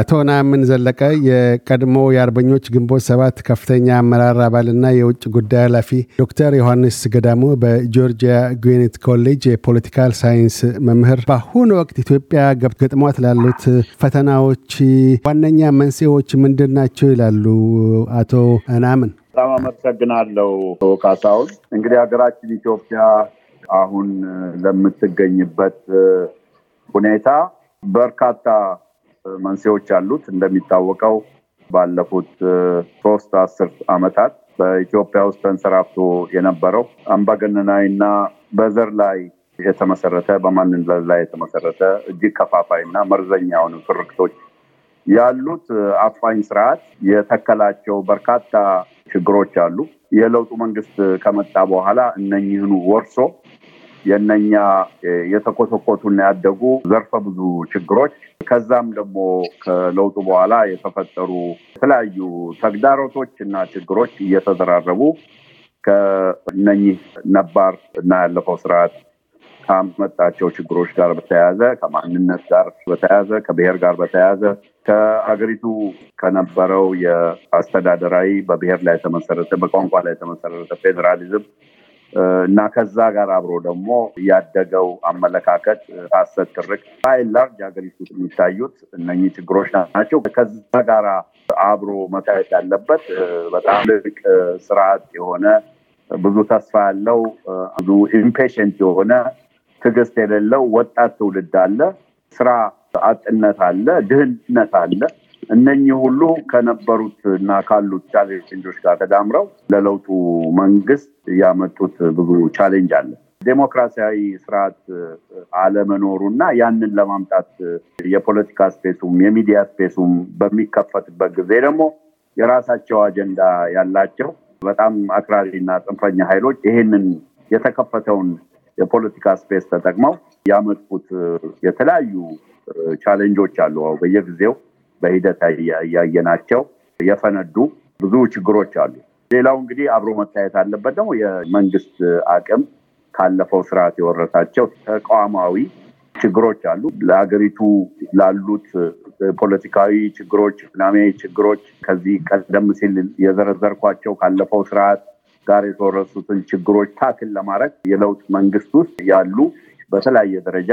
አቶ ናምን ዘለቀ የቀድሞ የአርበኞች ግንቦት ሰባት ከፍተኛ አመራር አባልና የውጭ ጉዳይ ኃላፊ፣ ዶክተር ዮሐንስ ገዳሙ በጆርጂያ ጉዊኔት ኮሌጅ የፖለቲካል ሳይንስ መምህር፣ በአሁኑ ወቅት ኢትዮጵያ ገጥሟት ላሉት ፈተናዎች ዋነኛ መንስኤዎች ምንድን ናቸው ይላሉ አቶ ናምን በጣም አመሰግናለው ካሳሁን። እንግዲህ ሀገራችን ኢትዮጵያ አሁን ለምትገኝበት ሁኔታ በርካታ መንስኤዎች አሉት። እንደሚታወቀው ባለፉት ሶስት አስር አመታት በኢትዮጵያ ውስጥ ተንሰራፍቶ የነበረው አምባገነናዊ እና በዘር ላይ የተመሰረተ በማንነት ላይ የተመሰረተ እጅግ ከፋፋይ እና መርዘኛ የሆኑ ፍርክቶች ያሉት አፋኝ ስርዓት የተከላቸው በርካታ ችግሮች አሉ። የለውጡ መንግስት ከመጣ በኋላ እነኝህኑ ወርሶ የእነኛ የተኮሰኮሱና ያደጉ ዘርፈ ብዙ ችግሮች ከዛም ደግሞ ከለውጡ በኋላ የተፈጠሩ የተለያዩ ተግዳሮቶች እና ችግሮች እየተዘራረቡ ከእነኚህ ነባር እና ያለፈው ስርዓት ካመጣቸው ችግሮች ጋር በተያያዘ ከማንነት ጋር በተያያዘ ከብሔር ጋር በተያያዘ ከሀገሪቱ ከነበረው የአስተዳደራዊ በብሔር ላይ የተመሰረተ በቋንቋ ላይ የተመሰረተ ፌዴራሊዝም እና ከዛ ጋር አብሮ ደግሞ ያደገው አመለካከት አሰት ትርክ ላርጅ ሀገሪቱ የሚታዩት እነኚህ ችግሮች ናቸው። ከዛ ጋር አብሮ መታየት ያለበት በጣም ልቅ ስርዓት የሆነ ብዙ ተስፋ ያለው ብዙ ኢምፔሽንት የሆነ ትግስት የሌለው ወጣት ትውልድ አለ። ስራ አጥነት አለ። ድህነት አለ። እነኚህ ሁሉ ከነበሩት እና ካሉት ቻሌንጆች ጋር ተዳምረው ለለውጡ መንግስት ያመጡት ብዙ ቻሌንጅ አለ። ዴሞክራሲያዊ ስርዓት አለመኖሩ እና ያንን ለማምጣት የፖለቲካ ስፔሱም የሚዲያ ስፔሱም በሚከፈትበት ጊዜ ደግሞ የራሳቸው አጀንዳ ያላቸው በጣም አክራሪና ጽንፈኛ ኃይሎች ይሄንን የተከፈተውን የፖለቲካ ስፔስ ተጠቅመው ያመጡት የተለያዩ ቻሌንጆች አሉ በየጊዜው በሂደት እያየናቸው የፈነዱ ብዙ ችግሮች አሉ። ሌላው እንግዲህ አብሮ መታየት አለበት ደግሞ የመንግስት አቅም ካለፈው ስርዓት የወረሳቸው ተቋማዊ ችግሮች አሉ። ለሀገሪቱ ላሉት ፖለቲካዊ ችግሮች፣ ኢኮኖሚያዊ ችግሮች ከዚህ ቀደም ሲል የዘረዘርኳቸው ካለፈው ስርዓት ጋር የተወረሱትን ችግሮች ታክል ለማድረግ የለውጥ መንግስት ውስጥ ያሉ በተለያየ ደረጃ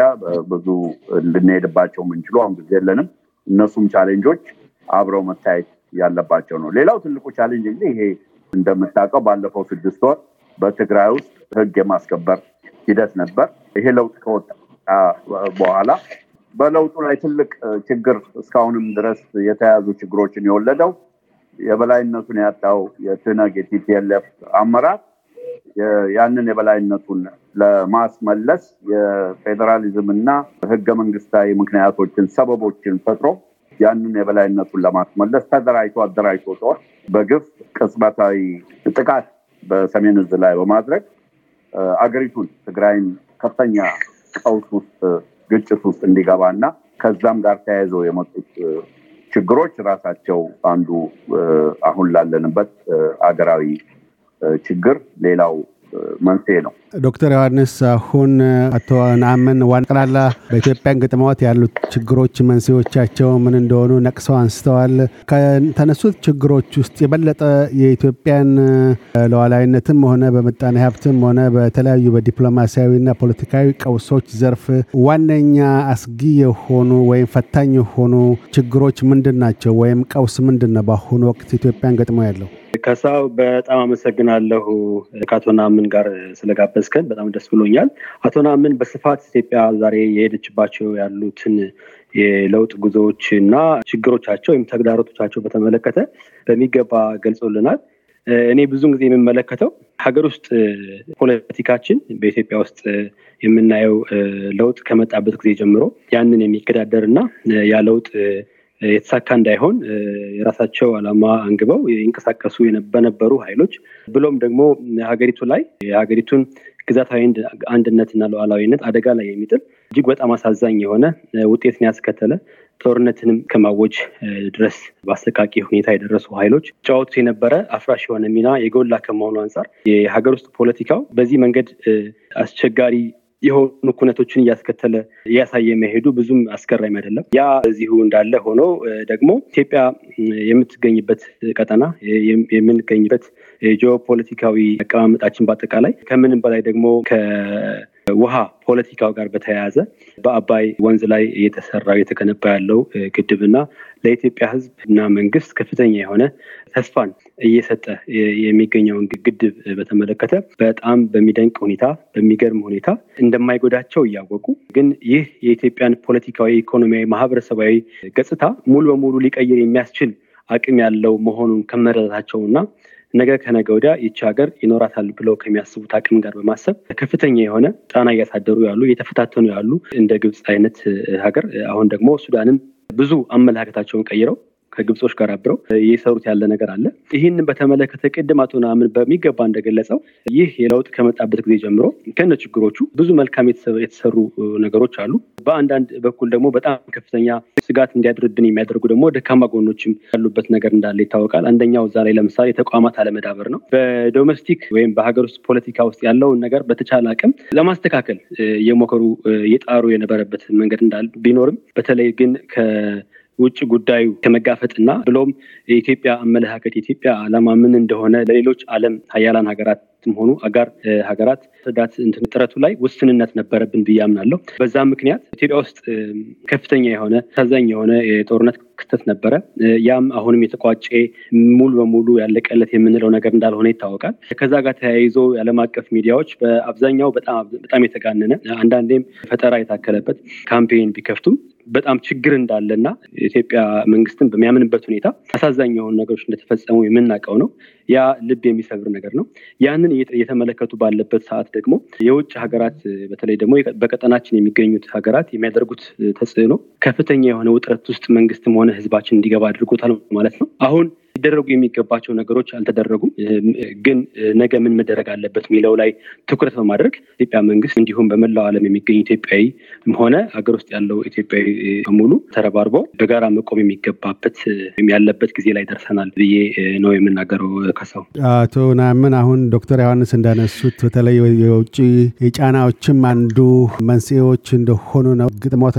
ብዙ ልንሄድባቸው የምንችሉ አሁን ጊዜ የለንም እነሱም ቻሌንጆች አብረው መታየት ያለባቸው ነው። ሌላው ትልቁ ቻሌንጅ እንግዲህ ይሄ እንደምታውቀው ባለፈው ስድስት ወር በትግራይ ውስጥ ህግ የማስከበር ሂደት ነበር። ይሄ ለውጥ ከወጣ በኋላ በለውጡ ላይ ትልቅ ችግር እስካሁንም ድረስ የተያዙ ችግሮችን የወለደው የበላይነቱን ያጣው የትነግ የቲፒኤልኤፍ አመራር ያንን የበላይነቱን ለማስመለስ የፌዴራሊዝም እና ህገ መንግስታዊ ምክንያቶችን፣ ሰበቦችን ፈጥሮ ያንን የበላይነቱን ለማስመለስ ተደራጅቶ አደራጅቶ ጦር በግፍ ቅጽበታዊ ጥቃት በሰሜን እዝ ላይ በማድረግ አገሪቱን ትግራይን ከፍተኛ ቀውስ ውስጥ ግጭት ውስጥ እንዲገባ እና ከዛም ጋር ተያይዘው የመጡት ችግሮች ራሳቸው አንዱ አሁን ላለንበት አገራዊ ችግር ሌላው መንስኤ ነው። ዶክተር ዮሐንስ አሁን አቶ ነአምን ዋንቀላላ በኢትዮጵያን ገጥመዋት ያሉት ችግሮች መንስኤዎቻቸው ምን እንደሆኑ ነቅሰው አንስተዋል። ከተነሱት ችግሮች ውስጥ የበለጠ የኢትዮጵያን ሉዓላዊነትም ሆነ በምጣኔ ሀብትም ሆነ በተለያዩ በዲፕሎማሲያዊና ፖለቲካዊ ቀውሶች ዘርፍ ዋነኛ አስጊ የሆኑ ወይም ፈታኝ የሆኑ ችግሮች ምንድን ናቸው? ወይም ቀውስ ምንድን ነው በአሁኑ ወቅት ኢትዮጵያን ገጥሞ ያለው? ከሳው በጣም አመሰግናለሁ ከአቶ ናምን ጋር ስለጋበዝከን በጣም ደስ ብሎኛል። አቶ ናምን በስፋት ኢትዮጵያ ዛሬ የሄደችባቸው ያሉትን የለውጥ ጉዞዎች እና ችግሮቻቸው ወይም ተግዳሮቶቻቸው በተመለከተ በሚገባ ገልጾልናል። እኔ ብዙን ጊዜ የምመለከተው ሀገር ውስጥ ፖለቲካችን በኢትዮጵያ ውስጥ የምናየው ለውጥ ከመጣበት ጊዜ ጀምሮ ያንን የሚገዳደር እና ያ ለውጥ የተሳካ እንዳይሆን የራሳቸው አላማ አንግበው ይንቀሳቀሱ በነበሩ ኃይሎች ብሎም ደግሞ ሀገሪቱ ላይ የሀገሪቱን ግዛታዊ አንድነትና ሉዓላዊነት አደጋ ላይ የሚጥል እጅግ በጣም አሳዛኝ የሆነ ውጤትን ያስከተለ ጦርነትንም ከማወጅ ድረስ በአሰቃቂ ሁኔታ የደረሱ ኃይሎች ጫወቱ የነበረ አፍራሽ የሆነ ሚና የጎላ ከመሆኑ አንጻር የሀገር ውስጥ ፖለቲካው በዚህ መንገድ አስቸጋሪ የሆኑ ኩነቶችን እያስከተለ እያሳየ መሄዱ ብዙም አስገራሚ አይደለም። ያ እዚሁ እንዳለ ሆኖ ደግሞ ኢትዮጵያ የምትገኝበት ቀጠና የምንገኝበት ጂኦፖለቲካዊ አቀማመጣችን በአጠቃላይ ከምንም በላይ ደግሞ ውሃ ፖለቲካው ጋር በተያያዘ በአባይ ወንዝ ላይ እየተሰራው እየተገነባ ያለው ግድብና ለኢትዮጵያ ሕዝብ እና መንግስት ከፍተኛ የሆነ ተስፋን እየሰጠ የሚገኘውን ግድብ በተመለከተ በጣም በሚደንቅ ሁኔታ በሚገርም ሁኔታ እንደማይጎዳቸው እያወቁ ግን ይህ የኢትዮጵያን ፖለቲካዊ፣ ኢኮኖሚያዊ፣ ማህበረሰባዊ ገጽታ ሙሉ በሙሉ ሊቀይር የሚያስችል አቅም ያለው መሆኑን ከመረዳታቸው እና ነገ ከነገ ወዲያ ይቺ ሀገር ይኖራታል ብለው ከሚያስቡት አቅም ጋር በማሰብ ከፍተኛ የሆነ ጫና እያሳደሩ ያሉ እየተፈታተኑ ያሉ እንደ ግብፅ አይነት ሀገር አሁን ደግሞ ሱዳንም ብዙ አመለካከታቸውን ቀይረው ከግብጾች ጋር አብረው እየሰሩት ያለ ነገር አለ። ይህንን በተመለከተ ቅድም አቶ ናምን በሚገባ እንደገለጸው ይህ የለውጥ ከመጣበት ጊዜ ጀምሮ ከነ ችግሮቹ ብዙ መልካም የተሰሩ ነገሮች አሉ። በአንዳንድ በኩል ደግሞ በጣም ከፍተኛ ስጋት እንዲያድርብን የሚያደርጉ ደግሞ ደካማ ጎኖችም ያሉበት ነገር እንዳለ ይታወቃል። አንደኛው እዛ ላይ ለምሳሌ የተቋማት አለመዳበር ነው። በዶሜስቲክ ወይም በሀገር ውስጥ ፖለቲካ ውስጥ ያለውን ነገር በተቻለ አቅም ለማስተካከል የሞከሩ የጣሩ የነበረበት መንገድ እንዳለ ቢኖርም በተለይ ግን ውጭ ጉዳዩ ከመጋፈጥና ብሎም የኢትዮጵያ አመለካከት የኢትዮጵያ ዓላማ ምን እንደሆነ ለሌሎች ዓለም ሀያላን ሀገራት ሆኑ አጋር ሀገራት ዳት ጥረቱ ላይ ውስንነት ነበረብን ብዬ አምናለሁ። በዛ ምክንያት ኢትዮጵያ ውስጥ ከፍተኛ የሆነ ታዛኝ የሆነ የጦርነት ክስተት ነበረ። ያም አሁንም የተቋጨ ሙሉ በሙሉ ያለቀለት የምንለው ነገር እንዳልሆነ ይታወቃል። ከዛ ጋር ተያይዞ የዓለም አቀፍ ሚዲያዎች በአብዛኛው በጣም የተጋነነ አንዳንዴም ፈጠራ የታከለበት ካምፔን ቢከፍቱም በጣም ችግር እንዳለና የኢትዮጵያ መንግስትን በሚያምንበት ሁኔታ አሳዛኝ የሆኑ ነገሮች እንደተፈጸሙ የምናውቀው ነው። ያ ልብ የሚሰብር ነገር ነው። ያንን እየተመለከቱ ባለበት ሰዓት ደግሞ የውጭ ሀገራት በተለይ ደግሞ በቀጠናችን የሚገኙት ሀገራት የሚያደርጉት ተጽዕኖ ከፍተኛ የሆነ ውጥረት ውስጥ መንግስትም ሆነ ህዝባችን እንዲገባ አድርጎታል ማለት ነው አሁን ሊደረጉ የሚገባቸው ነገሮች አልተደረጉም። ግን ነገ ምን መደረግ አለበት የሚለው ላይ ትኩረት በማድረግ ኢትዮጵያ መንግስት እንዲሁም በመላው ዓለም የሚገኝ ኢትዮጵያዊ ሆነ ሀገር ውስጥ ያለው ኢትዮጵያዊ በሙሉ ተረባርበው በጋራ መቆም የሚገባበት ያለበት ጊዜ ላይ ደርሰናል ብዬ ነው የምናገረው። ከሰው አቶ ናምን አሁን ዶክተር ዮሐንስ እንዳነሱት በተለይ የውጭ የጫናዎችም አንዱ መንስኤዎች እንደሆኑ ነው። ግጥሞት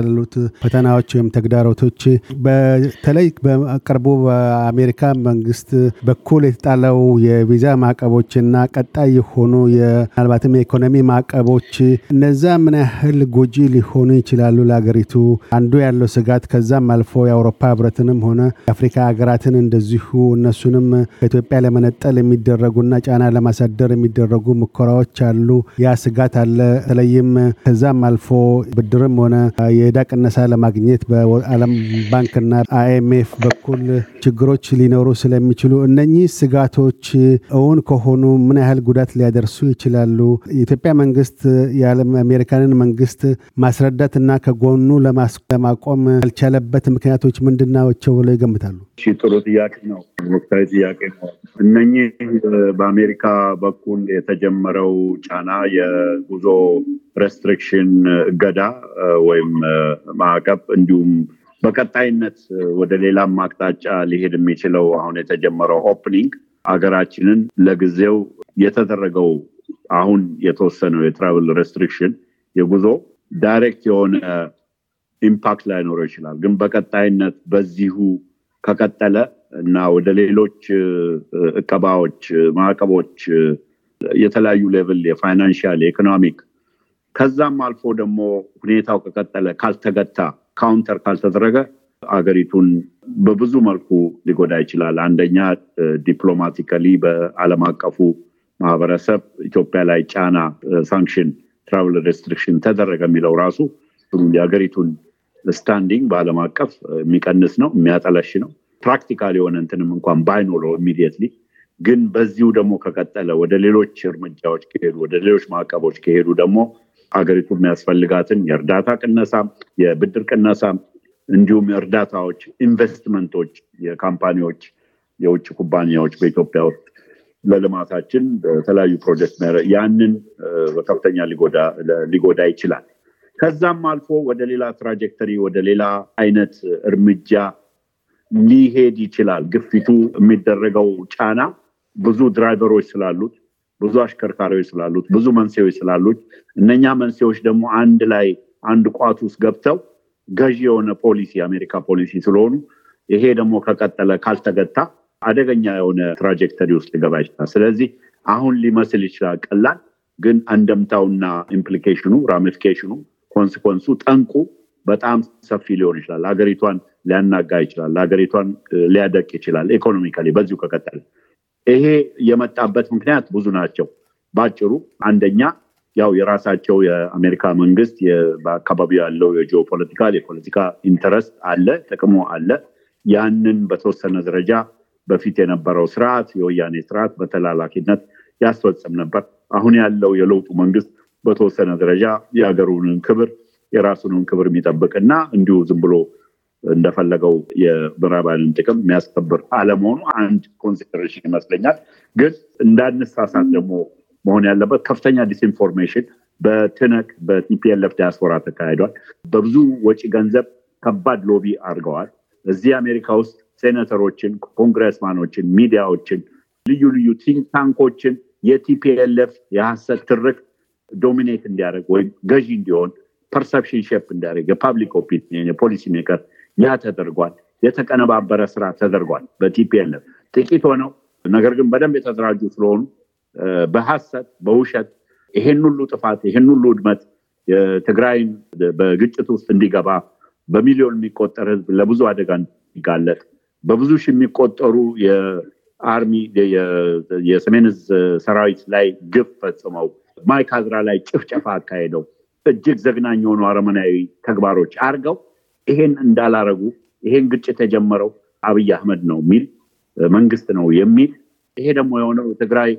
ፈተናዎች ወይም ተግዳሮቶች በተለይ በቅርቡ በአሜሪካ መንግስት በኩል የተጣለው የቪዛ ማዕቀቦችና ቀጣይ የሆኑ ምናልባትም የኢኮኖሚ ማዕቀቦች እነዛ ምን ያህል ጎጂ ሊሆኑ ይችላሉ ለሀገሪቱ? አንዱ ያለው ስጋት ከዛም አልፎ የአውሮፓ ህብረትንም ሆነ የአፍሪካ ሀገራትን እንደዚሁ እነሱንም ከኢትዮጵያ ለመነጠል የሚደረጉና ጫና ለማሳደር የሚደረጉ ሙከራዎች አሉ። ያ ስጋት አለ። በተለይም ከዛም አልፎ ብድርም ሆነ የዕዳ ቅነሳ ለማግኘት በዓለም ባንክና አይኤምኤፍ በኩል ችግሮች ሊኖሩ ስለሚችሉ እነኚህ ስጋቶች እውን ከሆኑ ምን ያህል ጉዳት ሊያደርሱ ይችላሉ? የኢትዮጵያ መንግስት የዓለም አሜሪካንን መንግስት ማስረዳት እና ከጎኑ ለማቆም ያልቻለበት ምክንያቶች ምንድናቸው ብለው ይገምታሉ? ጥሩ ጥያቄ ነው። ወቅታዊ ጥያቄ ነው። እነኚህ በአሜሪካ በኩል የተጀመረው ጫና የጉዞ ሬስትሪክሽን እገዳ ወይም ማዕቀብ እንዲሁም በቀጣይነት ወደ ሌላም አቅጣጫ ሊሄድ የሚችለው አሁን የተጀመረው ኦፕኒንግ አገራችንን ለጊዜው የተደረገው አሁን የተወሰነው የትራቭል ሬስትሪክሽን የጉዞ ዳይሬክት የሆነ ኢምፓክት ላይኖረው ይችላል። ግን በቀጣይነት በዚሁ ከቀጠለ እና ወደ ሌሎች እቀባዎች፣ ማዕቀቦች፣ የተለያዩ ሌቭል የፋይናንሻል የኢኮኖሚክ ከዛም አልፎ ደግሞ ሁኔታው ከቀጠለ ካልተገታ ካውንተር ካልተደረገ አገሪቱን በብዙ መልኩ ሊጎዳ ይችላል። አንደኛ ዲፕሎማቲካሊ በአለም አቀፉ ማህበረሰብ ኢትዮጵያ ላይ ጫና ሳንክሽን፣ ትራቭል ሬስትሪክሽን ተደረገ የሚለው ራሱ የሀገሪቱን ስታንዲንግ በአለም አቀፍ የሚቀንስ ነው፣ የሚያጠለሽ ነው። ፕራክቲካል የሆነ እንትንም እንኳን ባይኖረው ኢሚዲየትሊ ግን በዚሁ ደግሞ ከቀጠለ ወደ ሌሎች እርምጃዎች ከሄዱ ወደ ሌሎች ማዕቀቦች ከሄዱ ደግሞ አገሪቱ የሚያስፈልጋትን የእርዳታ ቅነሳ፣ የብድር ቅነሳ እንዲሁም እርዳታዎች፣ ኢንቨስትመንቶች የካምፓኒዎች የውጭ ኩባንያዎች በኢትዮጵያ ውስጥ ለልማታችን በተለያዩ ፕሮጀክት ያንን በከፍተኛ ሊጎዳ ይችላል። ከዛም አልፎ ወደ ሌላ ትራጀክተሪ ወደ ሌላ አይነት እርምጃ ሊሄድ ይችላል። ግፊቱ የሚደረገው ጫና ብዙ ድራይቨሮች ስላሉት ብዙ አሽከርካሪዎች ስላሉት ብዙ መንስኤዎች ስላሉት እነኛ መንስኤዎች ደግሞ አንድ ላይ አንድ ቋት ውስጥ ገብተው ገዢ የሆነ ፖሊሲ የአሜሪካ ፖሊሲ ስለሆኑ ይሄ ደግሞ ከቀጠለ ካልተገታ አደገኛ የሆነ ትራጀክተሪ ውስጥ ሊገባ ይችላል። ስለዚህ አሁን ሊመስል ይችላል ቀላል፣ ግን አንደምታውና ኢምፕሊኬሽኑ ራሚፊኬሽኑ ኮንስኮንሱ ጠንቁ በጣም ሰፊ ሊሆን ይችላል። ሀገሪቷን ሊያናጋ ይችላል። ሀገሪቷን ሊያደቅ ይችላል ኢኮኖሚካ በዚሁ ከቀጠለ ይሄ የመጣበት ምክንያት ብዙ ናቸው። በአጭሩ አንደኛ ያው የራሳቸው የአሜሪካ መንግስት በአካባቢው ያለው የጂኦፖለቲካል የፖለቲካ ኢንተረስት አለ፣ ጥቅሙ አለ። ያንን በተወሰነ ደረጃ በፊት የነበረው ስርዓት የወያኔ ስርዓት በተላላኪነት ያስፈጽም ነበር። አሁን ያለው የለውጡ መንግስት በተወሰነ ደረጃ የሀገሩንን ክብር የራሱንን ክብር የሚጠብቅና እንዲሁ ዝም ብሎ እንደፈለገው የምዕራባውያንን ጥቅም የሚያስከብር አለመሆኑ አንድ ኮንሲደሬሽን ይመስለኛል። ግን እንዳንሳሳት ደግሞ መሆን ያለበት ከፍተኛ ዲስኢንፎርሜሽን በትነቅ በቲፒኤልኤፍ ዲያስፖራ ተካሂዷል። በብዙ ወጪ ገንዘብ ከባድ ሎቢ አድርገዋል። እዚህ አሜሪካ ውስጥ ሴኔተሮችን፣ ኮንግረስማኖችን፣ ሚዲያዎችን፣ ልዩ ልዩ ቲንክ ታንኮችን የቲፒኤልኤፍ ትርክ ዶሚኔት እንዲያደርግ ወይም ገዢ እንዲሆን ፐርሰፕሽን ሼፕ እንዲያደርግ የፓብሊክ ኦፒኒን የፖሊሲ ሜከር ያ ተደርጓል። የተቀነባበረ ስራ ተደርጓል። በቲፒኤልኤፍ ጥቂት ሆነው ነገር ግን በደንብ የተደራጁ ስለሆኑ በሀሰት በውሸት ይሄን ሁሉ ጥፋት ይሄን ሁሉ ውድመት የትግራይን በግጭት ውስጥ እንዲገባ በሚሊዮን የሚቆጠር ህዝብ ለብዙ አደጋ እንዲጋለጥ በብዙ ሺ የሚቆጠሩ የአርሚ የሰሜን ሰራዊት ላይ ግፍ ፈጽመው ማይካዝራ ላይ ጭፍጨፋ አካሄደው እጅግ ዘግናኝ የሆኑ አረመናዊ ተግባሮች አርገው ይሄን እንዳላረጉ ይሄን ግጭት የጀመረው አብይ አህመድ ነው የሚል መንግስት ነው የሚል ይሄ ደግሞ የሆነው ትግራይ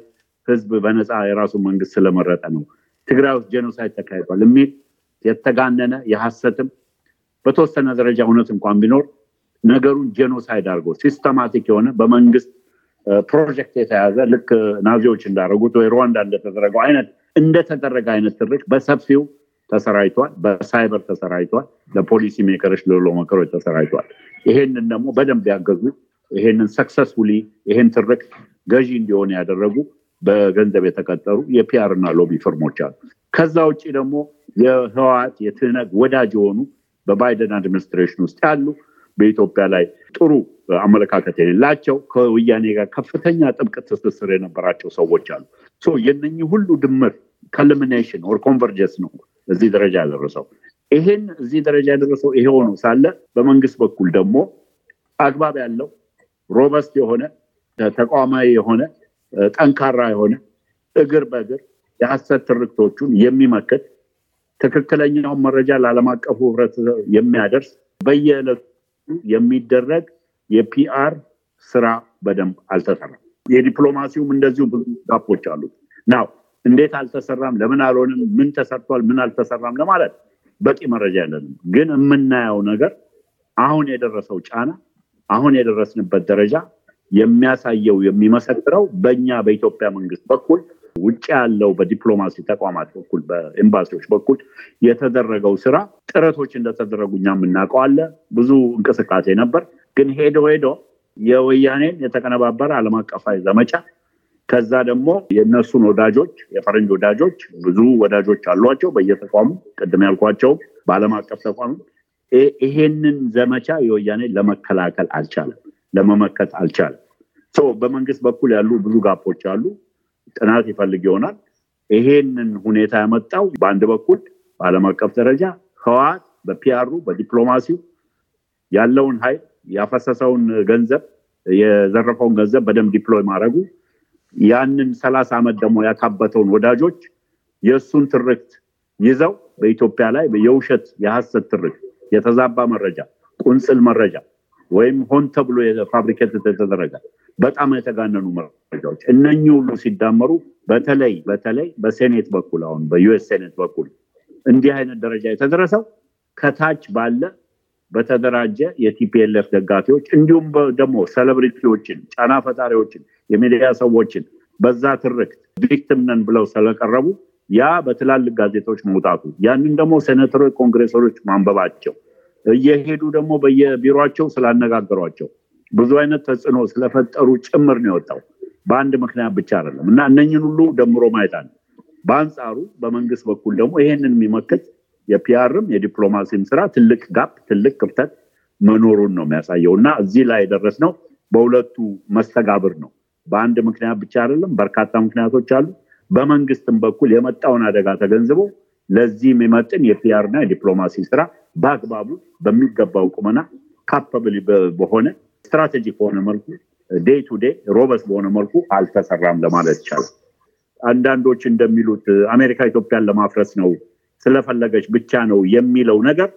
ህዝብ በነፃ የራሱ መንግስት ስለመረጠ ነው ትግራይ ውስጥ ጀኖሳይድ ተካሂዷል የሚል የተጋነነ የሐሰትም በተወሰነ ደረጃ እውነት እንኳን ቢኖር ነገሩን ጀኖሳይድ አድርጎ ሲስተማቲክ የሆነ በመንግስት ፕሮጀክት የተያዘ ልክ ናዚዎች እንዳደረጉት ወይ ሩዋንዳ እንደተደረገው አይነት እንደተደረገ አይነት ትርክ በሰፊው ተሰራይቷል በሳይበር ተሰራይቷል ለፖሊሲ ሜከሮች ለሎ መከሮች ተሰራይቷል። ይሄንን ደግሞ በደንብ ያገዙ ይሄንን ሰክሰስፉሊ ይሄን ትርክ ገዢ እንዲሆን ያደረጉ በገንዘብ የተቀጠሩ የፒአር እና ሎቢ ፍርሞች አሉ። ከዛ ውጭ ደግሞ የህወሓት የትህነግ ወዳጅ የሆኑ በባይደን አድሚኒስትሬሽን ውስጥ ያሉ በኢትዮጵያ ላይ ጥሩ አመለካከት የሌላቸው ከወያኔ ጋር ከፍተኛ ጥብቅ ትስስር የነበራቸው ሰዎች አሉ። የነኚህ ሁሉ ድምር ከልሚኔሽን ኦር ኮንቨርጀንስ ነው እዚህ ደረጃ ያደረሰው። ይህን እዚህ ደረጃ ያደረሰው ይሄ ሆኖ ሳለ በመንግስት በኩል ደግሞ አግባብ ያለው ሮበስት የሆነ ተቋማዊ የሆነ ጠንካራ የሆነ እግር በእግር የሀሰት ትርክቶቹን የሚመክት ትክክለኛውን መረጃ ለዓለም አቀፉ ህብረተሰብ የሚያደርስ በየዕለቱ የሚደረግ የፒአር ስራ በደንብ አልተሰራም። የዲፕሎማሲውም እንደዚሁ ብዙ ጋፖች አሉት ናው እንዴት አልተሰራም፣ ለምን አልሆንም፣ ምን ተሰርቷል፣ ምን አልተሰራም ለማለት በቂ መረጃ የለንም። ግን የምናየው ነገር አሁን የደረሰው ጫና አሁን የደረስንበት ደረጃ የሚያሳየው የሚመሰክረው በእኛ በኢትዮጵያ መንግስት በኩል ውጭ ያለው በዲፕሎማሲ ተቋማት በኩል በኤምባሲዎች በኩል የተደረገው ስራ ጥረቶች እንደተደረጉ እኛ የምናውቀው አለ። ብዙ እንቅስቃሴ ነበር። ግን ሄዶ ሄዶ የወያኔን የተቀነባበረ አለም አቀፋዊ ዘመቻ ከዛ ደግሞ የእነሱን ወዳጆች የፈረንጅ ወዳጆች ብዙ ወዳጆች አሏቸው በየተቋሙ ቅድም ያልኳቸው በአለም አቀፍ ተቋሙ ይሄንን ዘመቻ የወያኔ ለመከላከል አልቻለም፣ ለመመከት አልቻለም። በመንግስት በኩል ያሉ ብዙ ጋፖች አሉ። ጥናት ይፈልግ ይሆናል። ይሄንን ሁኔታ ያመጣው በአንድ በኩል በአለም አቀፍ ደረጃ ህወሓት በፒያሩ በዲፕሎማሲው ያለውን ሀይል ያፈሰሰውን ገንዘብ የዘረፈውን ገንዘብ በደንብ ዲፕሎይ ማድረጉ ያንን ሰላሳ ዓመት ደግሞ ያካበተውን ወዳጆች የእሱን ትርክት ይዘው በኢትዮጵያ ላይ የውሸት የሐሰት ትርክት፣ የተዛባ መረጃ፣ ቁንጽል መረጃ ወይም ሆን ተብሎ ፋብሪኬት የተደረገ በጣም የተጋነኑ መረጃዎች እነኚህ ሁሉ ሲዳመሩ በተለይ በተለይ በሴኔት በኩል አሁን በዩኤስ ሴኔት በኩል እንዲህ አይነት ደረጃ የተደረሰው ከታች ባለ በተደራጀ የቲፒኤልኤፍ ደጋፊዎች እንዲሁም ደግሞ ሰለብሪቲዎችን፣ ጫና ፈጣሪዎችን፣ የሚዲያ ሰዎችን በዛ ትርክት ቪክትምነን ብለው ስለቀረቡ ያ በትላልቅ ጋዜጦች መውጣቱ ያንን ደግሞ ሴኔተሮች፣ ኮንግሬሰሮች ማንበባቸው እየሄዱ ደግሞ በየቢሮቸው ስላነጋገሯቸው ብዙ አይነት ተጽዕኖ ስለፈጠሩ ጭምር ነው የወጣው። በአንድ ምክንያት ብቻ አይደለም እና እነኝን ሁሉ ደምሮ ማየት አለ። በአንጻሩ በመንግስት በኩል ደግሞ ይሄንን የሚመክት የፒአርም የዲፕሎማሲም ስራ ትልቅ ጋፕ ትልቅ ክፍተት መኖሩን ነው የሚያሳየው እና እዚህ ላይ የደረስነው በሁለቱ መስተጋብር ነው በአንድ ምክንያት ብቻ አይደለም በርካታ ምክንያቶች አሉ በመንግስትም በኩል የመጣውን አደጋ ተገንዝቦ ለዚህ የሚመጥን የፒአር እና የዲፕሎማሲ ስራ በአግባቡ በሚገባው ቁመና ካፓብል በሆነ ስትራቴጂክ በሆነ መልኩ ዴይ ቱ ዴይ ሮበስ በሆነ መልኩ አልተሰራም ለማለት ይቻላል አንዳንዶች እንደሚሉት አሜሪካ ኢትዮጵያን ለማፍረስ ነው ስለፈለገች ብቻ ነው የሚለው ነገር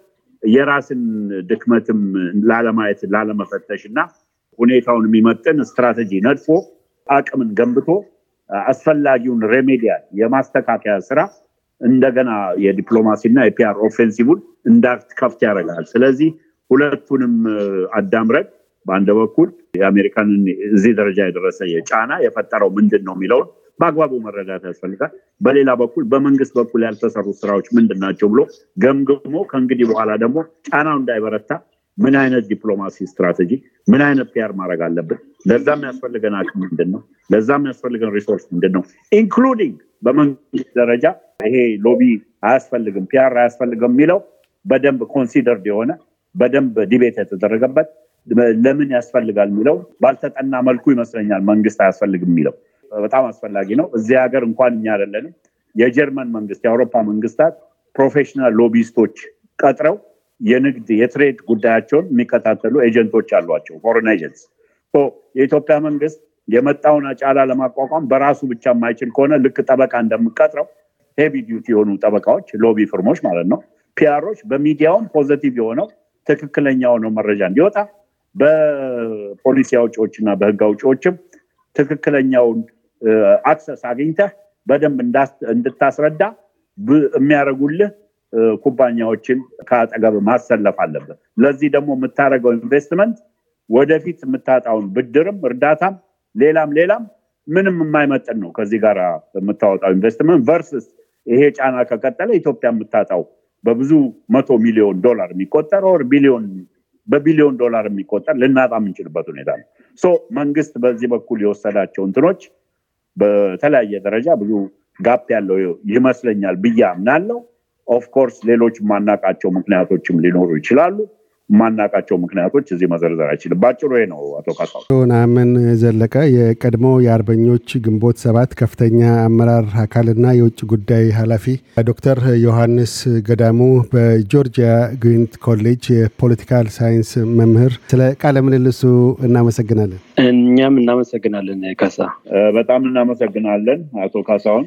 የራስን ድክመትም ላለማየት ላለመፈተሽ እና ሁኔታውን የሚመጥን ስትራቴጂ ነድፎ አቅምን ገንብቶ አስፈላጊውን ሬሜዲያል የማስተካከያ ስራ እንደገና የዲፕሎማሲና የፒአር ኦፌንሲቭን እንዳትከፍት ያደርጋል። ስለዚህ ሁለቱንም አዳምረግ በአንድ በኩል የአሜሪካንን እዚህ ደረጃ የደረሰ የጫና የፈጠረው ምንድን ነው የሚለውን በአግባቡ መረዳት ያስፈልጋል። በሌላ በኩል በመንግስት በኩል ያልተሰሩ ስራዎች ምንድን ናቸው ብሎ ገምግሞ ከእንግዲህ በኋላ ደግሞ ጫናው እንዳይበረታ ምን አይነት ዲፕሎማሲ ስትራቴጂ፣ ምን አይነት ፒያር ማድረግ አለብን፣ ለዛ የሚያስፈልገን አቅም ምንድን ነው፣ ለዛ የሚያስፈልገን ሪሶርስ ምንድን ነው፣ ኢንክሉዲንግ በመንግስት ደረጃ ይሄ ሎቢ አያስፈልግም፣ ፒያር አያስፈልግም የሚለው በደንብ ኮንሲደርድ የሆነ በደንብ ዲቤት የተደረገበት ለምን ያስፈልጋል የሚለው ባልተጠና መልኩ ይመስለኛል መንግስት አያስፈልግም የሚለው በጣም አስፈላጊ ነው። እዚህ ሀገር እንኳን እኛ አይደለንም፣ የጀርመን መንግስት፣ የአውሮፓ መንግስታት ፕሮፌሽናል ሎቢስቶች ቀጥረው የንግድ የትሬድ ጉዳያቸውን የሚከታተሉ ኤጀንቶች አሏቸው፣ ፎሬን ኤጀንት። የኢትዮጵያ መንግስት የመጣውን አጫላ ለማቋቋም በራሱ ብቻ የማይችል ከሆነ ልክ ጠበቃ እንደምቀጥረው ሄቪ ዲዩቲ የሆኑ ጠበቃዎች፣ ሎቢ ፍርሞች ማለት ነው፣ ፒአሮች በሚዲያውን ፖዘቲቭ የሆነው ትክክለኛ የሆነው መረጃ እንዲወጣ በፖሊሲ አውጪዎች እና በህግ አውጪዎችም ትክክለኛውን አክሰስ አግኝተህ በደንብ እንድታስረዳ የሚያደርጉልህ ኩባኛዎችን ከአጠገብ ማሰለፍ አለበት። ለዚህ ደግሞ የምታደርገው ኢንቨስትመንት ወደፊት የምታጣውን ብድርም እርዳታም ሌላም ሌላም ምንም የማይመጥን ነው። ከዚህ ጋር የምታወጣው ኢንቨስትመንት ቨርስስ ይሄ ጫና ከቀጠለ ኢትዮጵያ የምታጣው በብዙ መቶ ሚሊዮን ዶላር የሚቆጠር ወር ቢሊዮን በቢሊዮን ዶላር የሚቆጠር ልናጣ የምንችልበት ሁኔታ ነው። መንግስት በዚህ በኩል የወሰዳቸው እንትኖች በተለያየ ደረጃ ብዙ ጋፕ ያለው ይመስለኛል ብዬ አምናለው። ኦፍኮርስ ሌሎች ማናቃቸው ምክንያቶችም ሊኖሩ ይችላሉ። ማናቃቸው ምክንያቶች እዚህ መዘርዘር አይችልም። በአጭሩ ነው። አቶ ካሳ ናምን ዘለቀ የቀድሞ የአርበኞች ግንቦት ሰባት ከፍተኛ አመራር አካልና የውጭ ጉዳይ ኃላፊ፣ ዶክተር ዮሐንስ ገዳሙ በጆርጂያ ግሪንት ኮሌጅ የፖለቲካል ሳይንስ መምህር፣ ስለ ቃለ ምልልሱ እናመሰግናለን። እኛም እናመሰግናለን ካሳ፣ በጣም እናመሰግናለን አቶ ካሳውን